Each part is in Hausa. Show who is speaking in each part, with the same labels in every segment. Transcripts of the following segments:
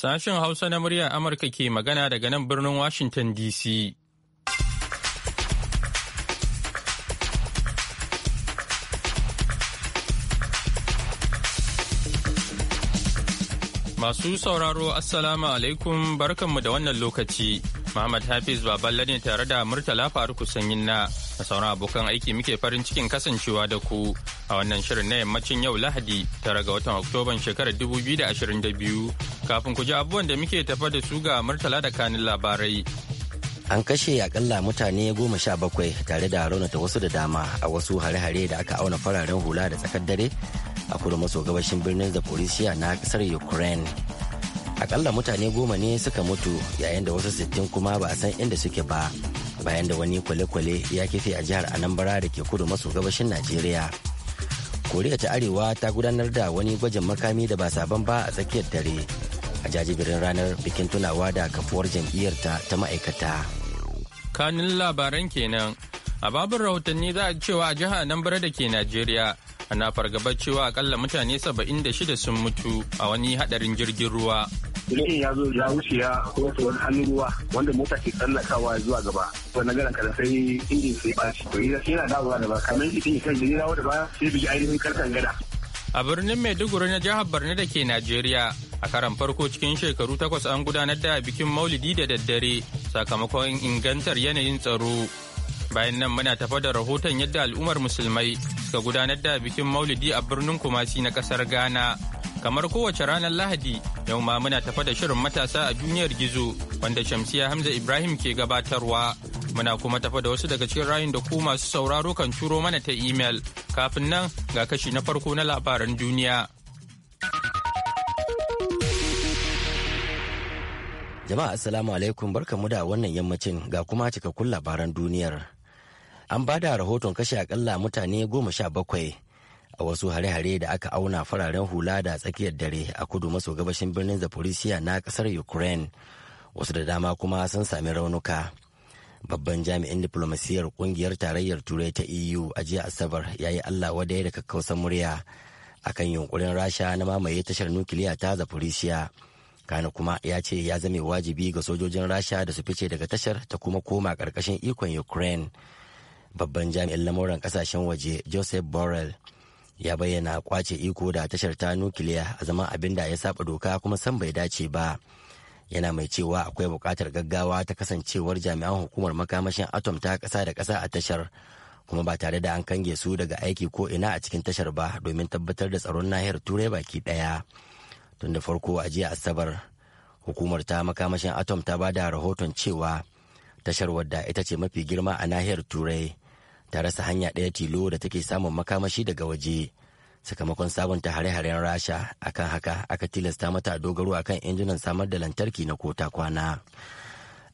Speaker 1: Sashen Hausa na murya Amurka ke magana daga nan birnin Washington DC. Masu sauraro Assalamu alaikum barkanmu da wannan lokaci. Muhammad Hafiz Baballe ne tare da Murtala Faruku Sanyin na da sauran abokan aiki muke farin cikin kasancewa da ku a wannan shirin na yammacin yau lahadi tara ga watan oktoban shekarar 2022 kafin ku ji abubuwan da muke tafa da su ga murtala da kanin labarai
Speaker 2: an kashe akalla mutane goma sha bakwai tare da raunata wasu da dama a wasu hare-hare da aka auna fararen hula da tsakar dare a kudu maso gabashin birnin zaporizhia na kasar ukraine akalla mutane goma ne suka mutu yayin da wasu sittin kuma ba a san inda suke ba bayan da wani kwale-kwale ya kife a jihar anambara da ke kudu maso gabashin najeriya koriya ta arewa ta gudanar da wani gwajin makami da ba sabon ba a tsakiyar dare a jajibirin ranar bikin tunawa da kafuwar jam'iyyarta ta ma'aikata
Speaker 1: kanin labaran kenan a babin rahotanni za a cewa a jihar anambra da ke najeriya ana fargabar cewa akalla mutane 76 sun mutu a wani hadarin jirgin ruwa
Speaker 3: jirgin ya zo ya wuce ya kuma wani hannun ruwa wanda mota ke tsallakawa zuwa gaba wannan garan kada sai injin sai bashi to ina yana dawowa da ba kamar shi din kan jini dawo da ba sai bi ainihin karkan gada
Speaker 1: a birnin maiduguri na jihar borno da ke najeriya a karan farko cikin shekaru takwas an gudanar da bikin maulidi da daddare sakamakon ingantar yanayin tsaro bayan nan muna tafa da rahoton yadda al'ummar musulmai suka gudanar da bikin maulidi a birnin kumasi na kasar ghana Kamar kowace ranar Lahadi, yau ma muna tafa da shirin matasa a duniyar gizo wanda Shamsiya Hamza Ibrahim ke gabatarwa. Muna kuma tafa da wasu daga cikin rayun da ku masu sauraro kan turo mana ta imel. Kafin nan ga kashi na farko na labaran duniya.
Speaker 2: Jama'a Assalamu alaikum barka barkamu da wannan yammacin ga kuma cikakkun labaran duniyar. An ba da rahoton kashe akalla mutane goma sha bakwai a wasu hare-hare da aka auna fararen hula da tsakiyar dare a kudu maso gabashin birnin zaporisiya na kasar ukraine wasu da dama kuma sun sami raunuka babban jami'in diplomasiyar kungiyar tarayyar turai ta eu a jiya asabar ya yi allah ya da kakkausar murya akan yunkurin rasha na mamaye tashar nukiliya ta zaporisiya kana kuma ya ce ya zame wajibi ga sojojin rasha da su fice daga tashar ta kuma koma karkashin ikon ukraine babban jami'in lamuran kasashen waje joseph borrell ya bayyana kwace iko da tashar ta nukiliya a zama abin da ya saba doka kuma san bai dace ba yana mai cewa akwai buƙatar gaggawa ta kasancewar jami'an hukumar makamashin atom ta ƙasa da ƙasa a tashar kuma ba tare da an kange su daga aiki ko ina a cikin tashar ba domin tabbatar da tsaron nahiyar turai baki ɗaya tun da farko a jiya asabar hukumar ta makamashin atom ta ba da rahoton cewa tashar wadda ita ce mafi girma a nahiyar turai ta rasa hanya ɗaya tilo da take samun makamashi daga waje sakamakon sabunta hare-haren rasha akan haka aka tilasta mata dogaro akan injinan samar da lantarki na kota kwana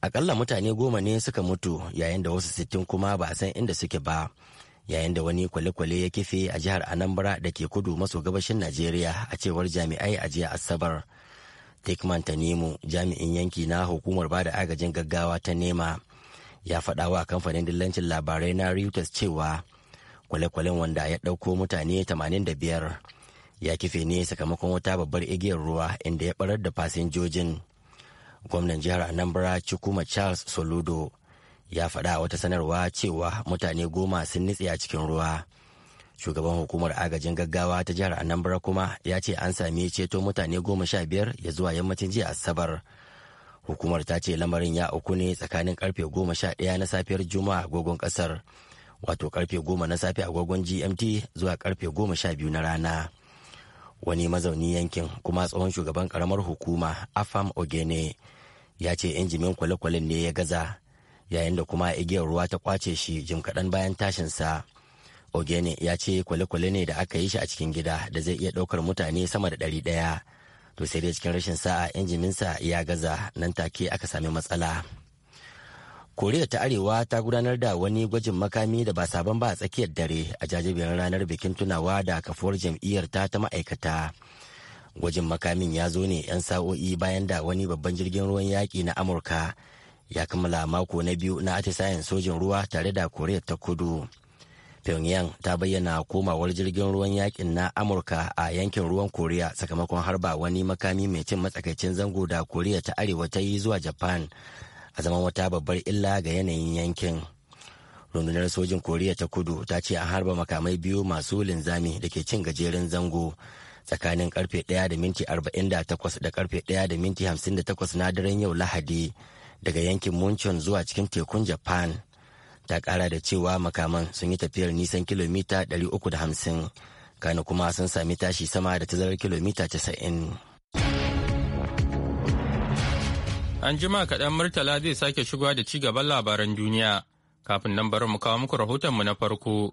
Speaker 2: akalla mutane goma ne suka mutu yayin da wasu sittin kuma ba a san inda suke ba yayin da wani kwale-kwale ya kife a jihar anambra da ke kudu maso gabashin najeriya a cewar jami'ai a jiya asabar tekman tanimu jami'in yanki na hukumar bada agajin gaggawa ta nema ya faɗa wa kamfanin dillancin labarai na Reuters cewa kwale-kwalen wanda ya ɗauko mutane 85 ya kife ne sakamakon wata babbar igiyar ruwa inda ya barar da fasinjojin. Gwamnan jihar Anambra Chukwuma Charles Soludo ya faɗa wata sanarwa cewa mutane goma sun nitse a cikin ruwa. Shugaban hukumar agajin gaggawa ta jihar Anambra kuma ya ce an sami ceto mutane goma sha biyar ya zuwa yammacin jiya Asabar. hukumar ta ce lamarin ya uku ne tsakanin karfe goma sha ɗaya na safiyar juma'a agogon kasar wato karfe goma na safe agogon gmt zuwa karfe goma sha biyu na rana wani mazauni yankin kuma tsohon shugaban karamar hukuma afam ogene ya ce injimin kwale-kwalen ne ya gaza yayin da kuma igiyar ruwa ta kwace shi jim kaɗan bayan tashinsa ogene ya ce kwale-kwale ne da aka yi shi a cikin gida da zai iya ɗaukar mutane sama da ɗari ɗaya to sai dai cikin rashin sa'a injininsa ya gaza nan take aka sami matsala koriya ta arewa ta gudanar da wani gwajin makami da ba sabon ba a tsakiyar dare a jajibiyar ranar bikin tunawa da kafuwar jam'iyyar ta ta ma'aikata gwajin makamin ya zo ne 'yan sa'o'i bayan da wani babban jirgin ruwan yaƙi na amurka ya kammala mako na biyu na atisayen sojin ruwa tare da koriya ta kudu pyongyang ta bayyana komawar jirgin ruwan yakin na amurka a yankin ruwan koriya sakamakon harba wani makami mai cin matsakaicin zango da koriya ta arewa ta yi zuwa japan a zaman wata babbar illa ga yanayin yankin rundunar sojin koriya ta kudu ta ce an harba makamai biyu masu linzami da ke cin gajeren zango tsakanin karfe 1 da minti 48 da karfe 1 da minti 58 na daren yau lahadi daga yankin munchon zuwa cikin tekun japan ta kara da cewa makaman sun yi tafiyar nisan kilomita 350 kana kuma sun sami tashi sama da tazarar kilomita 90
Speaker 1: anjima kaɗan murtala zai sake shigowa da ci gaban labaran duniya kafin nan bari mu kawo muku rahotonmu na farko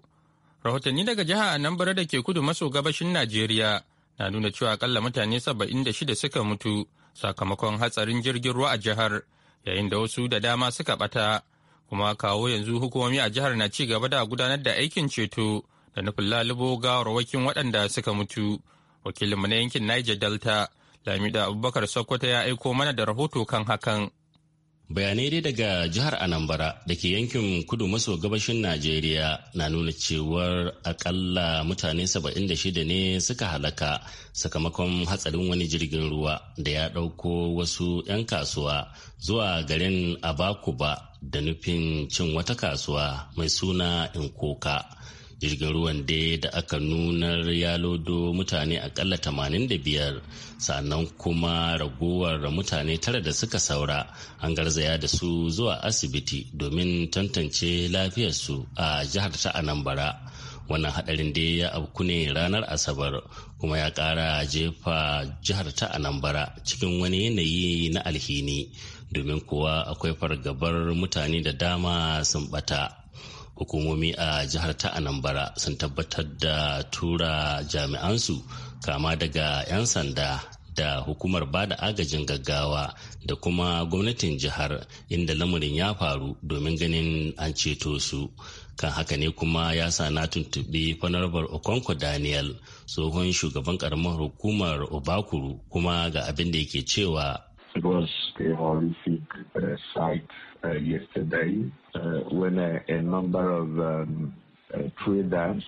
Speaker 1: rahotanni daga jiha a nan da ke kudu maso gabashin najeriya na nuna cewa akalla mutane saba'in da shida suka mutu sakamakon hatsarin jirgin ruwa a jihar yayin da wasu da dama suka ɓata. kuma kawo yanzu hukumomi a jihar na cigaba gaba da gudanar da aikin ceto da nufin lalubo rawakin waɗanda suka mutu wakilinmu na yankin niger delta lamida abubakar sokoto ya aiko mana da rahoto kan hakan
Speaker 4: bayanai dai daga jihar anambra da ke yankin kudu maso gabashin najeriya na nuna cewar akalla mutane 76 ne suka halaka sakamakon hatsarin wani jirgin ruwa da ya ɗauko wasu 'yan kasuwa zuwa garin abakuba da nufin cin wata kasuwa mai suna inkoka jirgin ruwan dai da aka nunar ya lodo mutane akalla 85 sannan kuma ragowar mutane tara da suka saura an garzaya da su zuwa asibiti domin tantance lafiyarsu a jihar ta anambra wannan hadarin dai ya abku ne ranar asabar kuma ya kara jefa jihar ta anambra cikin wani yanayi na alhini domin kuwa akwai fargabar mutane da dama sun bata hukumomi a jihar ta anambra sun tabbatar da tura jami'ansu kama daga 'yan sanda da hukumar ba da agajin gaggawa da kuma gwamnatin jihar inda lamarin ya faru domin ganin an ceto su kan haka ne kuma ya sa na tuntuɓi fanarbar okonko daniel tsohon shugaban karamar hukumar obakuru kuma ga abin da yake cewa It was a Uh, site uh, yesterday uh, when a number of um, traders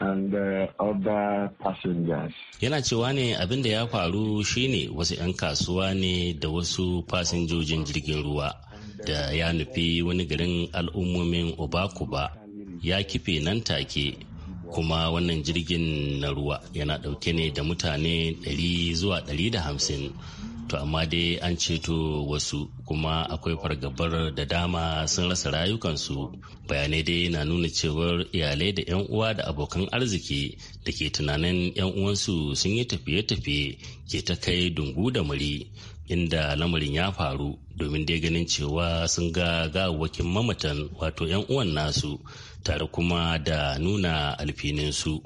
Speaker 4: and other passengers. Yana cewa ne abin da ya faru shine wasu 'yan kasuwa ne da wasu fasinjojin jirgin ruwa da ya nufi wani garin al'ummomin Obakuba ya kife nan take kuma wannan jirgin na ruwa yana dauke ne da mutane 100 zuwa 150 to amma dai an ceto wasu kuma akwai fargabar da dama sun rasa rayukansu bayanai dai na nuna cewar iyalai da 'yan uwa da abokan arziki da ke tunanin 'yan uwansu sun yi tafiye-tafiye ke ta kai dungu da muri inda lamarin ya faru domin dai ganin cewa sun ga gawakin mamatan wato 'yan uwan nasu tare kuma da nuna alfininsu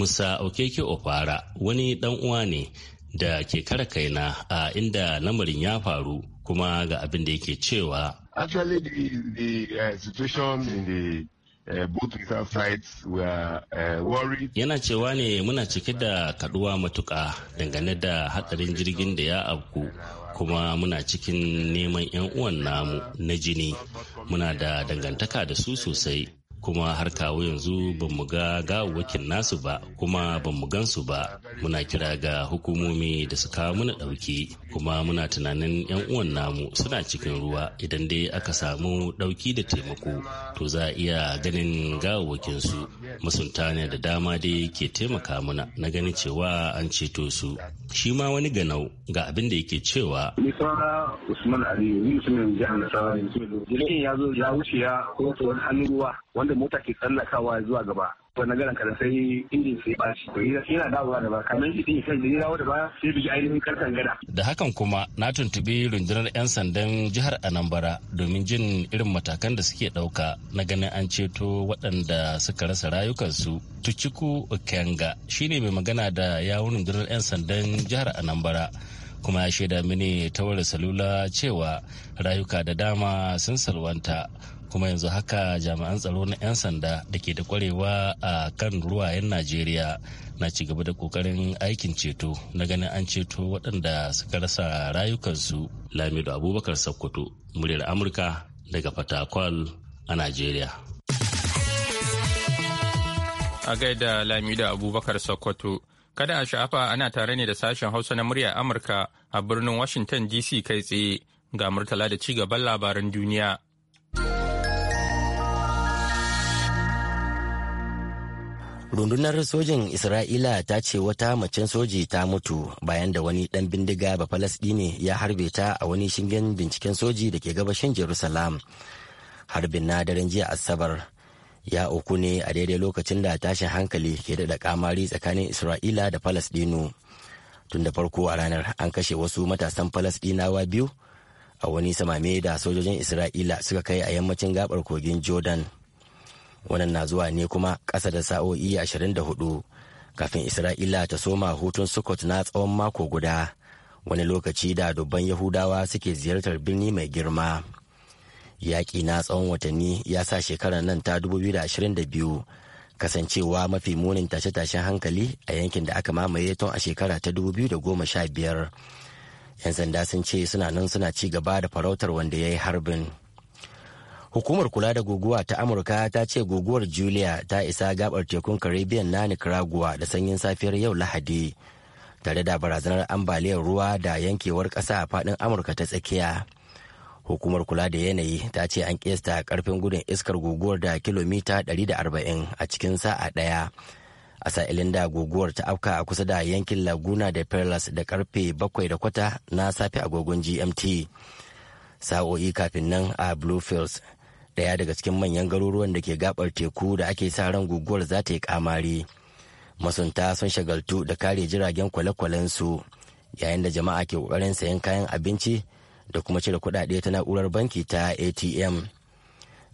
Speaker 4: musa okeke ofara wani dan uwa ne da ke kare kaina a inda lamarin ya faru kuma ga abin da yake cewa.
Speaker 5: Actually the, the uh, situation in the uh, uh,
Speaker 4: Yana cewa ne muna cike da kaduwa matuka dangane da hatsarin jirgin da ya afku kuma muna cikin neman 'yan uwan namu na jini muna da dangantaka da su sosai kuma har kawo yanzu ba mu ga gawawwakin nasu ba kuma ba mu gansu ba muna kira ga hukumomi da su kawo muna ɗauki kuma muna tunanin 'yan uwan namu suna cikin ruwa idan dai aka samu ɗauki da taimako to za a iya ganin gawawwakin su masunta ne da dama dai ke taimaka muna na ganin cewa an ceto su shi ma wani ganau ga abin da yake cewa
Speaker 3: Usman Ali ya zo ya wuce ya wani hannun ruwa wanda mota ke tsallakawa zuwa gaba wani garan kada sai injin sai ba shi yana dawowa da ba kamar shi kan jini dawo da ba sai ainihin karkan gada
Speaker 4: da hakan kuma na tuntubi rundunar yan sandan jihar Anambra domin jin irin matakan da suke ɗauka na ganin an ceto waɗanda suka rasa rayukansu Tuchiku Okenga shine mai magana da yawun rundunar yan sandan jihar Anambra kuma ya shaida mini ta wayar salula cewa rayuka da dama sun salwanta kuma yanzu haka jami'an tsaro na 'yan sanda da ke da kwarewa a kan ruwayen najeriya na ci gaba da kokarin aikin ceto na ganin an ceto waɗanda suka rasa rayukansu lamido abubakar sakkwato muryar amurka
Speaker 1: daga fatakwal a najeriya a gaida lamido abubakar sakkwato kada a sha'afa ana tare ne da sashen hausa na muryar amurka a birnin washington dc kai tsaye ga murtala da ci gaban labaran duniya
Speaker 2: rundunar sojin isra'ila ta ce wata macen soji ta mutu bayan da wani dan bindiga ba bafalasdini ya harbe ta a wani shingen binciken soji da ke gabashin jerusalem harbin na daren jiya asabar ya uku ne a daidai lokacin da tashin hankali ke da kamari tsakanin isra'ila da Falasɗinu. tun da farko a ranar an kashe wasu matasan Falasɗinawa biyu a wani samame da sojojin isra'ila suka kai a yammacin gabar kogin jordan wannan na zuwa ne kuma ƙasa da sa'o'i 24 kafin isra'ila ta soma hutun sukot na tsawon mako guda wani lokaci da dubban yahudawa suke ziyartar birni mai girma yaƙi na tsawon watanni ya sa shekarar nan ta 2022 kasancewa mafi munin tashe-tashen hankali a yankin da aka mamaye tun a shekara ta 2015 'yan sanda sun ce suna nan suna ci gaba da farautar wanda ya yi harbin. Hukumar kula da guguwa ta Amurka ta ce guguwar Julia ta isa gabar tekun Caribbean na Nicaragua da sanyin safiyar yau Lahadi, tare da barazanar ambaliyar ruwa da yankewar ƙasa a faɗin Amurka ta tsakiya. Hukumar kula da yanayi ta ce an kesta karfin gudun iskar guguwar da kilomita 140 a cikin sa'a ɗaya. A sa'ilin da guguwar ta afka a kusa da yankin Laguna da Perlas da karfe bakwai da kwata na safe agogon GMT. Sa'o'i kafin nan a Bluefields daya daga cikin manyan garuruwan da ke gabar teku da ake sa ran guguwar za ta yi kamari masunta sun shagaltu da kare jiragen kwale-kwalen su yayin da jama'a ke kokarin sayan kayan abinci da kuma cire kuɗaɗe ta na'urar banki ta atm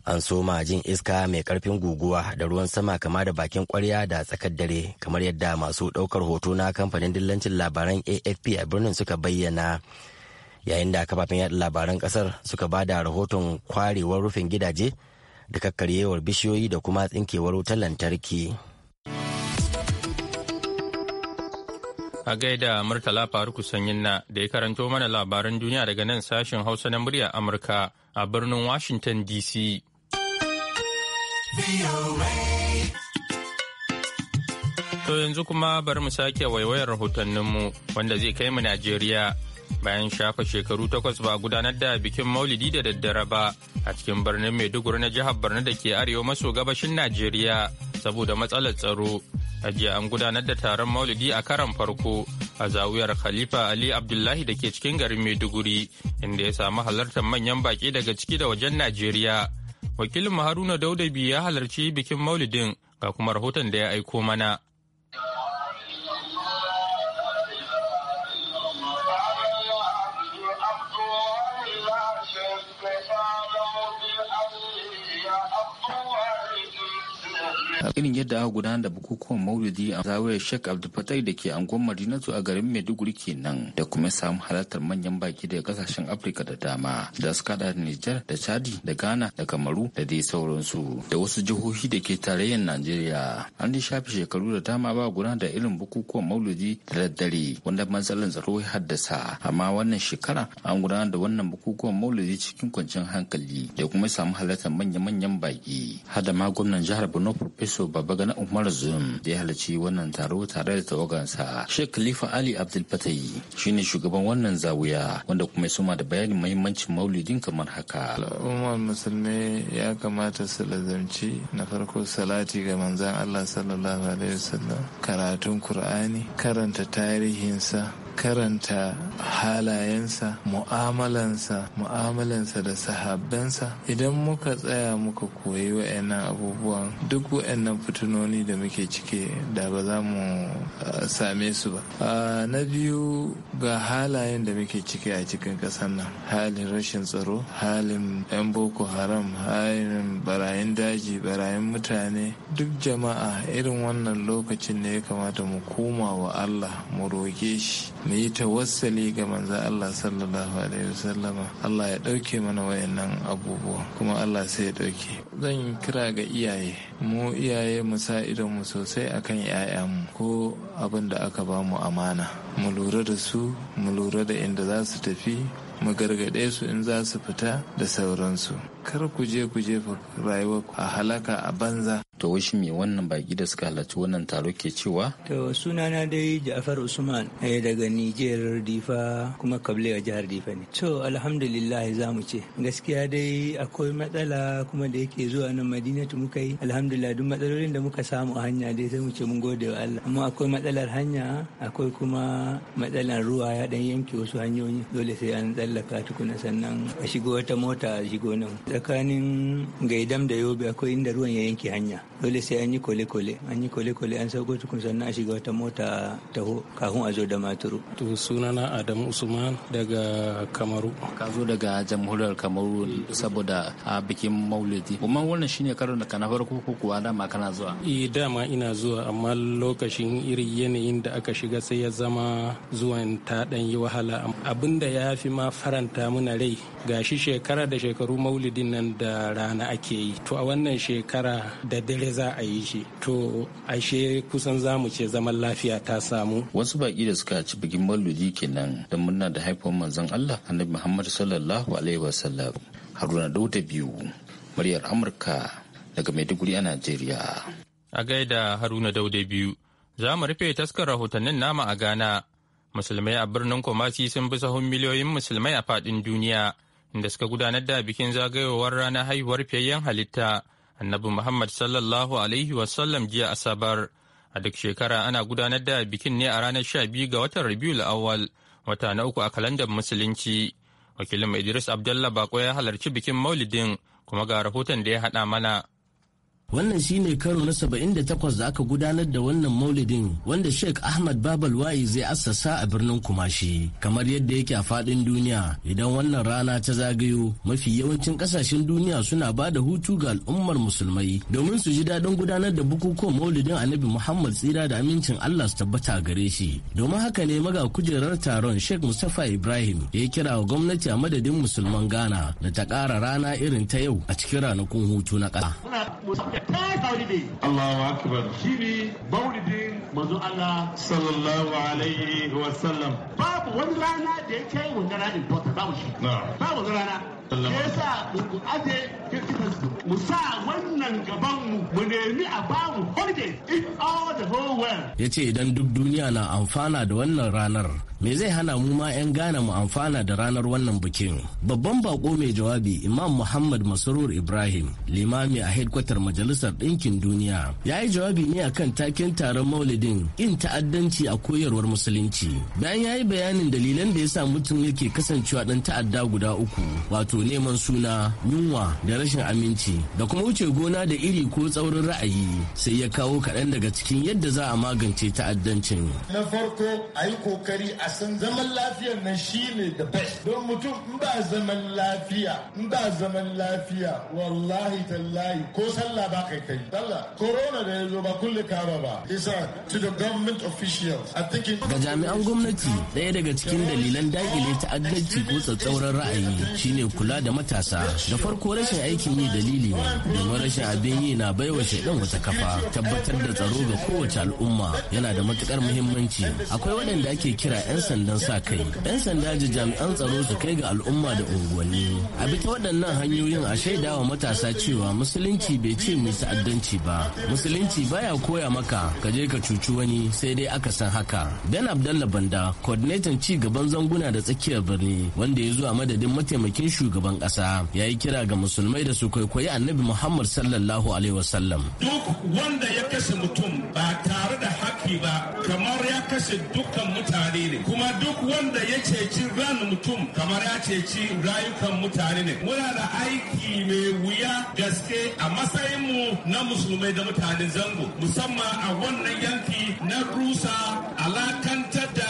Speaker 2: an ma jin iska mai karfin guguwa da ruwan sama kama da bakin kwarya da tsakar dare kamar yadda masu ɗaukar hoto na kamfanin dillancin labaran afp a birnin suka bayyana yayin da kafafen yada labaran kasar suka ba da rahoton kwarewar rufin gidaje da kakkaryewar bishiyoyi da kuma tsinkewar wutar lantarki.
Speaker 1: A gaida Murtala Faruku Sanyin na da ya karanto mana labaran duniya daga nan sashen Hausa na murya Amurka a birnin Washington DC. To yanzu kuma bari mu sake waiwayar rahotanninmu wanda zai kai mu Najeriya. bayan shafa shekaru takwas ba gudanar da bikin maulidi da daddare ba a cikin birnin maiduguri na jihar borno da ke arewa maso gabashin najeriya saboda matsalar tsaro a jiya an gudanar da taron maulidi a karan farko a zawiyar khalifa ali abdullahi da ke cikin garin maiduguri inda ya samu halartar manyan baki daga ciki da wajen najeriya wakilin haruna daudabi ya halarci bikin maulidin ga kuma rahoton da ya aiko mana
Speaker 6: irin yadda aka gudanar da bukukuwan maulidi a zawayar sheikh abdulfatai da ke angon madinatu a garin maiduguri kenan da kuma samu halartar manyan baki daga kasashen afirka da dama da suka da nijar da chadi da ghana da kamaru da dai sauransu da wasu jihohi da ke tarayyar najeriya an dai shafi shekaru da dama ba gudanar da irin bukukuwan maulidi da daddare wanda matsalar tsaro ya haddasa amma wannan shekara an gudanar da wannan bukukuwan maulidi cikin kwanciyar hankali da kuma samu halartar manya-manyan baki hada ma gwamnan jihar Bono, professor Yusuf Babagana Umar Zum da ya halarci wannan taro tare da tawagansa. Sheikh Khalifa Ali Abdul Fatayi shine shugaban wannan zawiya wanda kuma ya suma da bayanin muhimmancin maulidin kamar haka.
Speaker 7: Al'ummar musulmi ya kamata su lazamci na farko salati ga manzan Allah sallallahu alaihi wasallam karatun Kur'ani karanta tarihinsa karanta halayensa mu'amalansa mu'amalansa da sahabbansa idan muka tsaya muka koyi wa'annan abubuwan duk wa'annan fitinoni da muke cike da ba za mu eh, same su ba ah, na biyu ga halayen da muke cike a cikin ƙasar nan halin rashin tsaro halin 'yan boko haram halin barayin daji barayin mutane duk jama'a irin wannan lokacin ne ya kamata mu koma wa allah mu roƙe shi mu yi tawassali ga manzo Allah sallallahu alaihi wasallama Allah ya dauke mana wayannan abubuwa kuma Allah sai ya dauke zan kira ga iyaye mu iyaye mu sa idon mu sosai akan mu ko abin da aka ba mu amana mu lura da su mu lura da inda za su tafi mu gargaɗe su in za su fita da sauransu kar ku je ku jefa rayuwa a halaka a banza.
Speaker 6: To washi me wannan baki da suka halarci wannan taro ke cewa?
Speaker 8: To sunana dai Ja'far Usman eh daga Niger Difa kuma a jihar Difa ne. To alhamdulillah za mu ce gaskiya dai akwai matsala kuma da yake zuwa nan Madinatu muka yi alhamdulillah duk matsalolin da muka samu a hanya dai sai mu ce mun gode wa Allah. Amma akwai matsalar hanya akwai kuma matsalar ruwa ya dan yanke wasu hanyoyi dole sai an tsallaka tukuna sannan a shigo wata mota a shigo nan. tsakanin gaidam da yobe akwai inda ruwan ya yanke hanya dole sai an yi kole-kole an yi kole-kole an sauko tukun sannan a shiga wata mota taho kafin a zo da maturu to sunana
Speaker 6: adamu usman daga kamaru ka zo daga jamhuriyar kamaru saboda a bikin maulidi kuma wannan shine karo da kana farko ko kuwa dama kana zuwa
Speaker 1: eh dama ina zuwa amma lokacin irin yanayin da aka shiga sai ya zama zuwan ta dan yi wahala abinda ya fi ma faranta muna rai gashi shekara da shekaru maulidi din nan da rana ake yi to a wannan shekara da dare za a yi shi to
Speaker 6: ashe kusan zamu ce zaman lafiya ta samu wasu baki da suka ci bikin mauludi kenan da muna da haifar manzon Allah annabi Muhammad sallallahu alaihi wasallam Haruna Dauda biyu muryar Amurka daga Maiduguri a Najeriya
Speaker 1: a gaida Haruna Dauda biyu za mu rufe taskar rahotannin nama a Ghana musulmai a birnin Kumasi sun bi sahun miliyoyin musulmai a faɗin duniya inda suka gudanar da bikin zagayowar ranar haihuwar fiyayyen halitta annabi Muhammad sallallahu Alaihi wasallam jiya Asabar. A duk shekara ana gudanar da bikin ne a ranar sha biyu ga watan Rabiul Awwal, wata na uku a kalandar Musulunci. Wakilin Idris Abdullah Bako ya halarci bikin Maulidin kuma ga rahoton da ya hada mana.
Speaker 3: wannan shine karo na 78 da aka gudanar da wannan maulidin wanda sheikh ahmad babal wa'i zai assasa a birnin kumashi kamar yadda yake a fadin duniya idan wannan rana ta zagayo mafi yawancin kasashen duniya suna ba da hutu ga al'ummar musulmai domin su ji daɗin gudanar da bukukuwan maulidin annabi muhammad tsira da amincin allah su tabbata gare shi domin haka ne maga kujerar taron sheikh mustapha ibrahim ya kira wa gwamnati a madadin musulman ghana da ta ƙara rana irin ta yau a cikin ranakun hutu na
Speaker 5: ƙasa ta maulidi
Speaker 3: Allahu akbar
Speaker 5: shine
Speaker 7: maulidin manzo Allah sallallahu alaihi wa sallam
Speaker 4: babu wani rana da ya kai wannan rana important babu shi babu rana yasa ce aje mu sa wannan gaban mu nemi a ba mu in all the whole world
Speaker 3: yace idan duk duniya na amfana da wannan ranar me zai hana mu ma 'yan gane mu amfana da ranar wannan bikin babban bako mai jawabi imam muhammad masarur ibrahim limami a headquarter majalisar ɗinkin duniya ya yi jawabi ne akan taken taron maulidin in ta'addanci a koyarwar musulunci bayan ya yi bayanin dalilan da ya sa mutum yake kasancewa ɗan ta'adda guda uku wato neman suna yunwa da rashin aminci da kuma wuce gona da iri ko tsaurin ra'ayi sai ya kawo kaɗan daga cikin yadda za a magance ta'addancin.
Speaker 5: Na farko a yi kokari a san zaman lafiyar nan shi ne da best don mutum in ba zaman lafiya in ba zaman lafiya wallahi tallahi ko sallah ba kai kai. Sallah corona da ya zo ba kulle kaba
Speaker 3: ba. Isa to the government officials i think Ga jami'an gwamnati ɗaya daga cikin dalilan dakile ta'addanci ko tsatsauran ra'ayi shine kula da matasa da farko rashin aikin yi dalili ne domin rashin abin yi na baiwa shaidan wata kafa tabbatar da tsaro ga kowace al'umma yana da matukar muhimmanci akwai waɗanda ake kira 'yan sandan sa kai 'yan sanda da jami'an tsaro su kai ga al'umma da unguwanni a bi ta waɗannan hanyoyin a shaida wa matasa cewa musulunci bai ce mu ta'addanci ba musulunci baya koya maka ka je ka cuci wani sai dai aka san haka ben abdallah banda coordinator ci gaban zanguna da tsakiyar birni wanda ya zuwa madadin mataimakin shugaban shugaban kasa ya yi kira ga musulmai da su kwaikwayi annabi muhammad sallallahu alaihi wasallam
Speaker 5: duk wanda ya kashe mutum ba tare da haƙƙi ba kamar ya kashe dukkan mutane ne kuma duk wanda ya ceci ran mutum kamar ya ceci rayukan mutane ne muna da aiki mai wuya gaske a matsayin mu na musulmai da mutanen zango musamman a wannan yanki na rusa alakantar da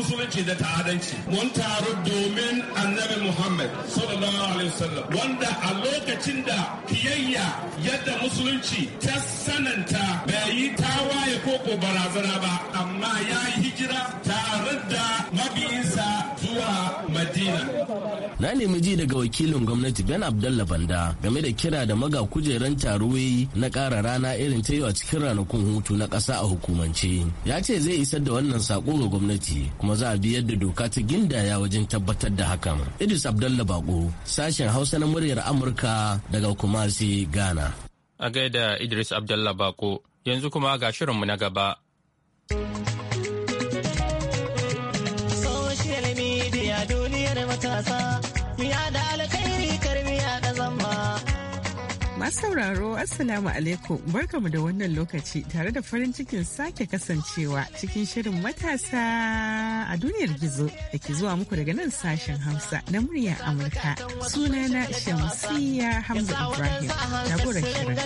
Speaker 5: musulunci da ta'adanci mun taru domin annabi muhammad sallallahu alaihi wasallam wanda a lokacin da kiyayya yadda musulunci ta sananta bai yi tawaye ko ko barazana ba amma ya yi hijira tare da mabiyinsa
Speaker 3: Na nemi ji daga wakilin gwamnati Ben Abdullah Banda game da kira da maga kujeran taro na ƙara rana irin ta yi a cikin ranakun hutu na ƙasa a hukumance. Ya ce zai isar da wannan sako ga gwamnati kuma za a bi yadda doka ta gindaya wajen tabbatar da hakan. Idris Abdullah Bako, sashen Hausa na muryar Amurka daga Kumasi, Ghana.
Speaker 1: A gaida Idris Abdullah Bako, yanzu kuma ga shirinmu na gaba.
Speaker 9: sauraro Assalamu alaikum barkamu da wannan lokaci tare da farin cikin sake kasancewa cikin shirin matasa a duniyar gizo da ke zuwa muku daga nan sashen hamsa na muryar Amurka. Sunana Shamsiyya Hamza Ibrahim, jagoran shirin.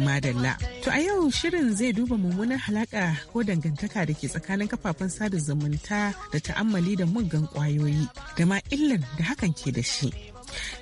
Speaker 9: madalla. To a yau shirin zai duba mummunan halaka ko dangantaka da ke tsakanin kafafen sada zumunta da ta'ammali da muggan kwayoyi da ma illar da hakan ke da shi.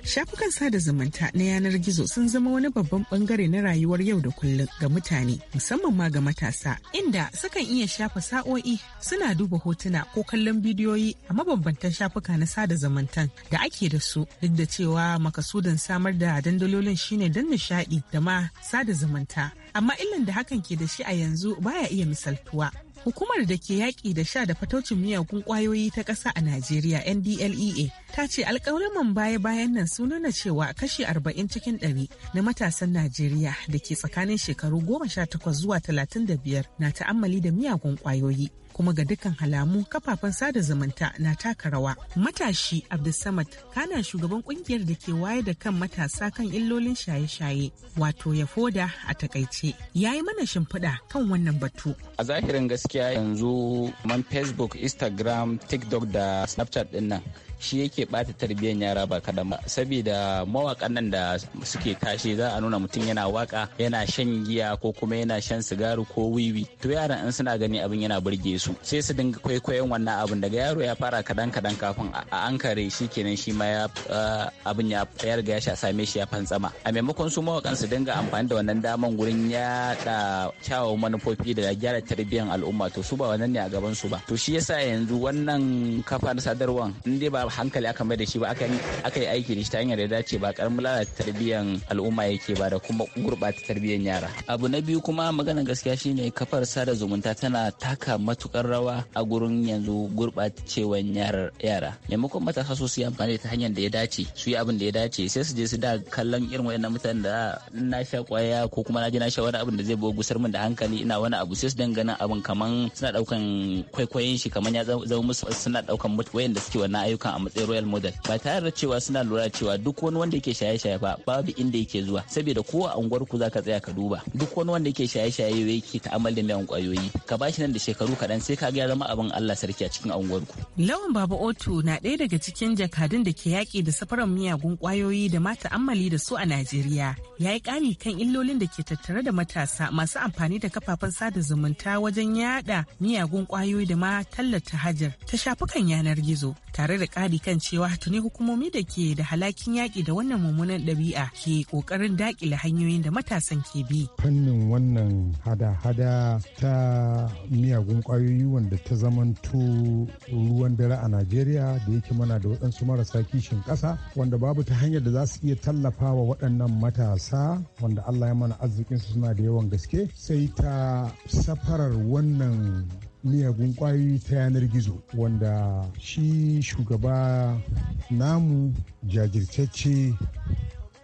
Speaker 9: Shafukan sada zumunta na yanar gizo sun zama wani babban bangare na rayuwar yau da kullum ga mutane musamman ma ga matasa inda sukan iya shafa sa'o'i suna duba hotuna ko kallon bidiyoyi a mabambantan shafuka na sada zumuntan da ake da su duk da cewa makasudan samar da dandalolin shine don nishadi da ma sada zumunta amma illan da hakan ke da shi a yanzu baya iya misaltuwa Hukumar da ke yaƙi da sha da fatocin miyagun ƙwayoyi ta ƙasa a Najeriya NDLEA ta ce alƙawarin baya-bayan nan su nuna cewa kashi 40 cikin 100 na matasan Najeriya da ke tsakanin shekaru 18 zuwa 35 na ta'ammali da miyagun ƙwayoyi. kuma ga dukkan halamu kafafen sada zumunta na taka rawa matashi abdulsamad kana shugaban kungiyar da ke waye da kan matasa kan illolin shaye-shaye wato ya foda a takaice ya yi mana shimfiɗa kan wannan batu
Speaker 8: a zahirin gaskiya yanzu man facebook instagram tiktok da snapchat ɗin nan shi yake bata tarbiyyar yara ba kadan ba saboda mawakan nan da suke tashi za a nuna mutum yana waka yana shan giya ko kuma yana shan sigari ko wiwi to yaran in suna gani abin yana burge su sai su dinga kwaikwayon wannan abin daga yaro ya fara kadan kadan kafin a ankare shi kenan shi ma ya eh, abin ya riga ya same shi ya fantsama a maimakon su mawakan su dinga amfani da wannan daman gurin yaɗa kyawawan manufofi da gyara tarbiyyar al'umma to su ba wannan ne a gaban su ba to shi yasa yanzu wannan kafar sadarwar in dai ba hankali aka mai da shi ba aka yi aiki da shi ta hanyar da dace ba karamin lalata tarbiyyar al'umma yake ba da kuma gurɓata tarbiyyar yara abu na biyu kuma maganar gaskiya shine kafar sada zumunta tana taka matukar rawa a gurin yanzu gurɓacewan yara maimakon matasa su yi amfani ta hanyar da ya dace su yi abin da ya dace sai su je su da kallon irin wayannan mutanen da na sha kwaya ko kuma na je na sha wani abin da zai bugu gusar min da hankali ina wani abu sai su dinga ganin abin kaman suna daukan kwaikwayon shi kaman ya zama musu suna daukan wayanda suke wannan ayyukan matsayin royal model ba tare da cewa suna lura cewa duk wani wanda yake shaye-shaye ba babu inda yake zuwa saboda ko a unguwar ku zaka tsaya ka duba duk wani wanda yake shaye-shaye yake ta'ammal da mayan kwayoyi ka ba shi nan da shekaru kaɗan sai ka ga ya zama abin Allah sarki a cikin unguwar ku.
Speaker 9: Lawan babu Otu na ɗaya daga cikin jakadun da ke yaki da safaran miyagun kwayoyi da ma ta'ammali da su a Najeriya ya yi ƙari kan illolin da ke tattare da matasa masu amfani da kafafen sada zumunta wajen yaɗa miyagun kwayoyi da ma tallata hajar ta shafukan yanar gizo tare da ƙari ƙari kan cewa tuni hukumomi da ke da halakin yaƙi da wannan mummunan ɗabi'a ke ƙoƙarin daƙile hanyoyin da matasan ke bi.
Speaker 5: Fannin wannan hada-hada ta miyagun ƙwayoyi wanda ta zamanto ruwan dare a Najeriya da yake mana da waɗansu marasa kishin ƙasa wanda babu ta hanyar da za su iya tallafawa waɗannan matasa wanda Allah ya mana arzikinsu suna da yawan gaske sai ta safarar wannan miyagun kwayoyi ta yanar gizo wanda shi shugaba namu jajirtacce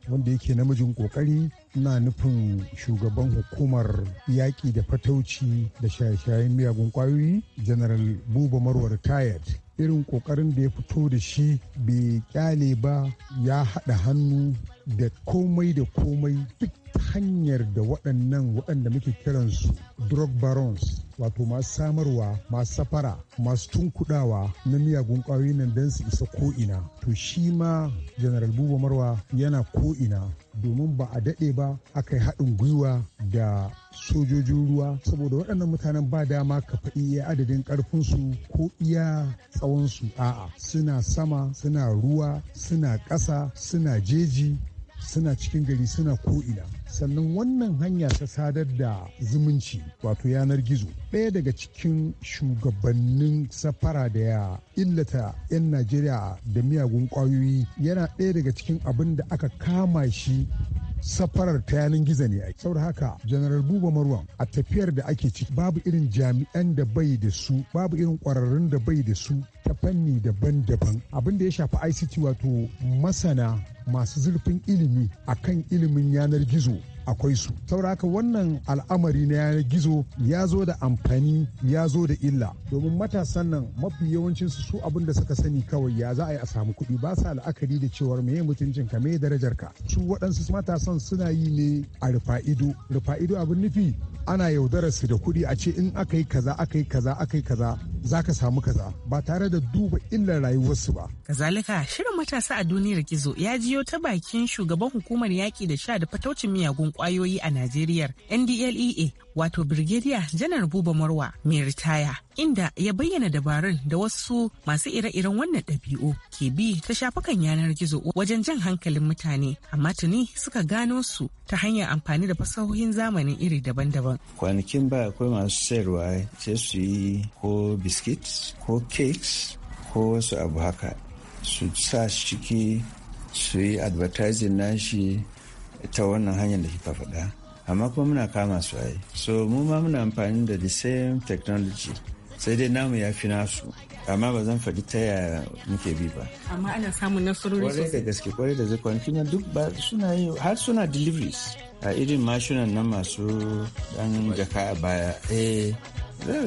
Speaker 5: wanda yake namijin kokari na nufin shugaban hukumar yaƙi da fatauci da shaye-shayen miyagun kwayoyi general buba marwar tayat irin kokarin da ya fito da shi bai kyale ba ya haɗa hannu da komai da komai duk hanyar da waɗannan waɗanda muke kiransu drug barons wato masu samarwa masu safara masu tunkudawa na miyagun ƙwayoyin nan don su isa ko'ina to shi ma general buba marwa yana ko'ina domin ba a daɗe ba aka yi haɗin gwiwa da sojojin ruwa saboda waɗannan mutanen ba dama ka faɗi iya adadin ƙarfinsu ko iya tsawonsu a'a suna sama suna ruwa suna ƙasa suna jeji suna cikin gari suna ko'ina sannan wannan hanya ta sadar da zumunci wato yanar gizo ɗaya daga cikin shugabannin safara da ya illata 'yan najeriya da miyagun ƙwayoyi yana ɗaya daga cikin abin da aka kama shi safarar ta yanin gizo ne ake saboda haka general buba marwan a tafiyar da ake ciki babu irin jami'an da bai da su babu irin kwararrun da bai da su ta fanni daban-daban abin da ya shafi ict wato masana masu zurfin ilimi akan ilimin yanar gizo akwai su saboda haka wannan al'amari na yanar gizo ya zo da amfani ya zo da illa domin matasan nan mafi yawancin su su abin da suka sani kawai ya za a yi a samu kuɗi ba sa la'akari da cewar meye mutuncin ka meye darajar ka su waɗansu matasan suna yi ne a rufa ido rufa ido abin nufi ana yaudarar su da kuɗi a ce in aka yi kaza aka yi kaza aka yi kaza za ka samu kaza ba tare da duba illar rayuwarsu ba.
Speaker 9: Kazalika shirin matasa a duniyar gizo ya jiyo ta bakin shugaban hukumar yaƙi da sha da fataucin miyagun ƙwayoyi a Najeriya NDLEA wato Brigadier Janar Buba Marwa mai ritaya inda ya bayyana dabarun da wasu masu ire-iren wannan ɗabi'u ke bi ta shafukan yanar gizo wajen jan hankalin mutane amma tuni suka gano su ta hanyar amfani da fasahohin zamani iri daban-daban.
Speaker 6: Kwanakin ba akwai masu sayarwa sai su yi ko bisa biskit ko cakes ko wasu abu haka su sa shi ciki su yi advertising nashi ta wannan hanyar da kika faɗa amma kuma muna kama su ai so mu ma muna amfani da the same technology sai dai namu ya fi nasu amma ba zan faɗi ta yaya muke bi ba
Speaker 9: amma ana samun nasarori sosai kwarai
Speaker 6: da gaske kwarai da zakon na duk ba suna yi har suna deliveries a irin mashinan nan masu ɗan jaka a baya eh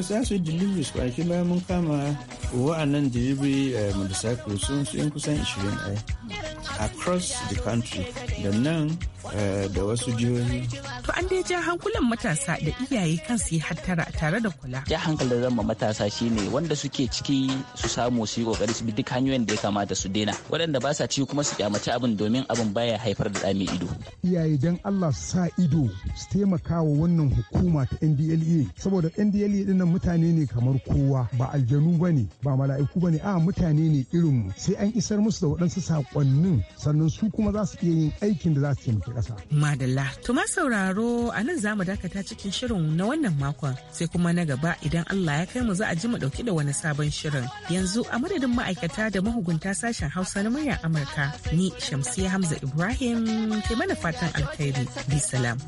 Speaker 6: za su yi deliveries kwanaki bayan mun kama wa'annan delivery eh, motorcycle sun su kusan 20 ai eh, across the country da nan Eh, da wasu jihohi.
Speaker 9: To an dai jan hankulan matasa da iyaye kan su yi hattara tare da kula. Ja
Speaker 8: hankalin zama matasa shi ne wanda suke ciki su samu su yi kokari su bi duk hanyoyin da ya kamata su daina. Waɗanda ba sa ci kuma su kyamaci abin domin abin baya haifar da ɗami ido.
Speaker 5: Iyaye dan Allah su sa ido su taimaka wa wannan hukuma ta NDLEA saboda NDLEA din e nan mutane ne kamar kowa ba aljanu ba ne ba mala'iku ba ne a mutane ne mu sai an isar musu da waɗansu saƙonnin sannan su kuma za su iya yin aikin da za su taimaki ƙasa.
Speaker 9: Madalla, to ma sauraro a nan za mu dakata cikin shirin na wannan makon sai kuma na gaba idan Allah ya kai mu za a ji mu ɗauki da wani sabon shirin. Yanzu a madadin ma'aikata da mahugunta sashen Hausa na muryar Amurka ni Shamsiya Hamza Ibrahim ke mana fatan alkhairi. Bi salam.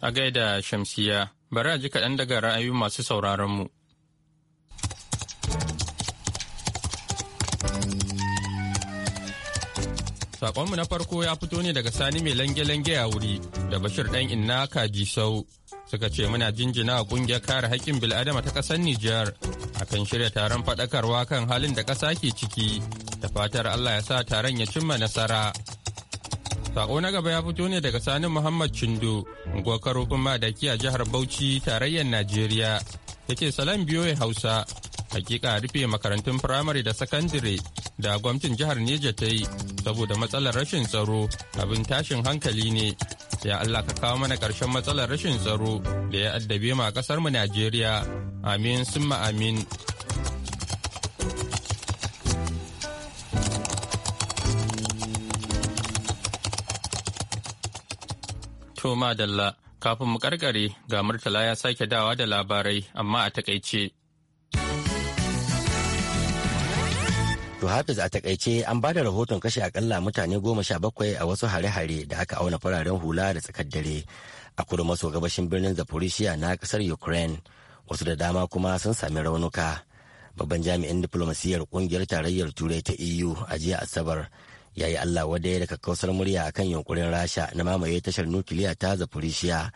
Speaker 1: A gaida shamsiyya, bari a ji kaɗan daga ra'ayoyin masu sauraron mu. Sakonmu na farko ya fito ne daga Sani mai lange-lange a wuri da Bashir ɗan inna kaji sau suka ce muna jinjina a ƙungiyar kare haƙƙin bil'adama ta ƙasar Nijar akan shirya taron faɗakarwa kan halin da ƙasa ke ciki da fatar Allah ya sa taron ya cimma nasara. Sako na gaba ya fito ne daga Sani Muhammad Chindo, unguwar karofin madaki a jihar Bauchi tarayyar Najeriya. yake salam biyo Hausa hakika rufe makarantun firamare da sakandire da gwamnatin jihar Neja ta yi saboda matsalar rashin tsaro abin tashin hankali ne. Ya Allah ka kawo mana ƙarshen matsalar rashin tsaro da ya addabe ma ƙasar mu Najeriya. Amin summa amin. Toma Dalla, kafin mu karkare ga Murtala ya sake dawa da labarai amma a takaice.
Speaker 2: To Hafiz a takaice an ba da rahoton kashe akalla mutane goma sha bakwai a wasu hare-hare da aka auna fararen hula da tsakar dare a kudu maso gabashin birnin Zaporizhia na kasar Ukraine. Wasu da dama kuma sun sami raunuka. Babban jami'in diplomasiyyar kungiyar tarayyar Turai ta EU a jiya Asabar ya yi Allah ya daga kausar murya akan yunkurin Rasha na mamaye tashar nukiliya ta Zaporizhia.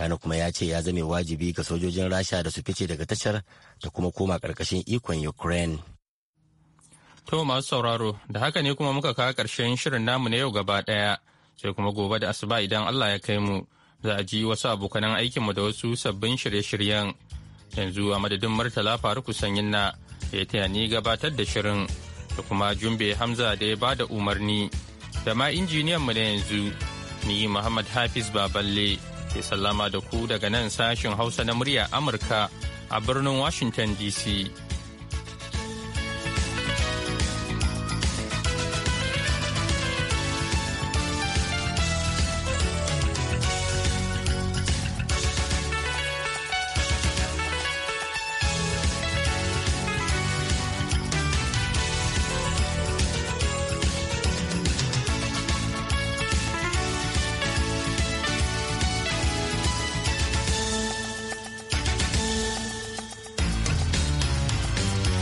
Speaker 2: Kano kuma ya ce ya zame wajibi ga sojojin Rasha da su fice daga tashar da kuma koma ƙarƙashin ikon Ukraine.
Speaker 1: To masu sauraro, da haka ne kuma muka kawo ƙarshen shirin namu na yau gaba ɗaya, sai kuma gobe da asuba idan Allah ya kai mu, za a ji wasu abokanan aikinmu da wasu sabbin shirye-shiryen. Yanzu a madadin Murtala Faruku Sanyin na ya taya ni gabatar da shirin da kuma Jumbe Hamza da ya bada umarni. Da ma injiniyan mu na yanzu, ni Muhammad Hafiz Baballe ke sallama da ku daga nan sashen Hausa na murya Amurka a birnin Washington DC.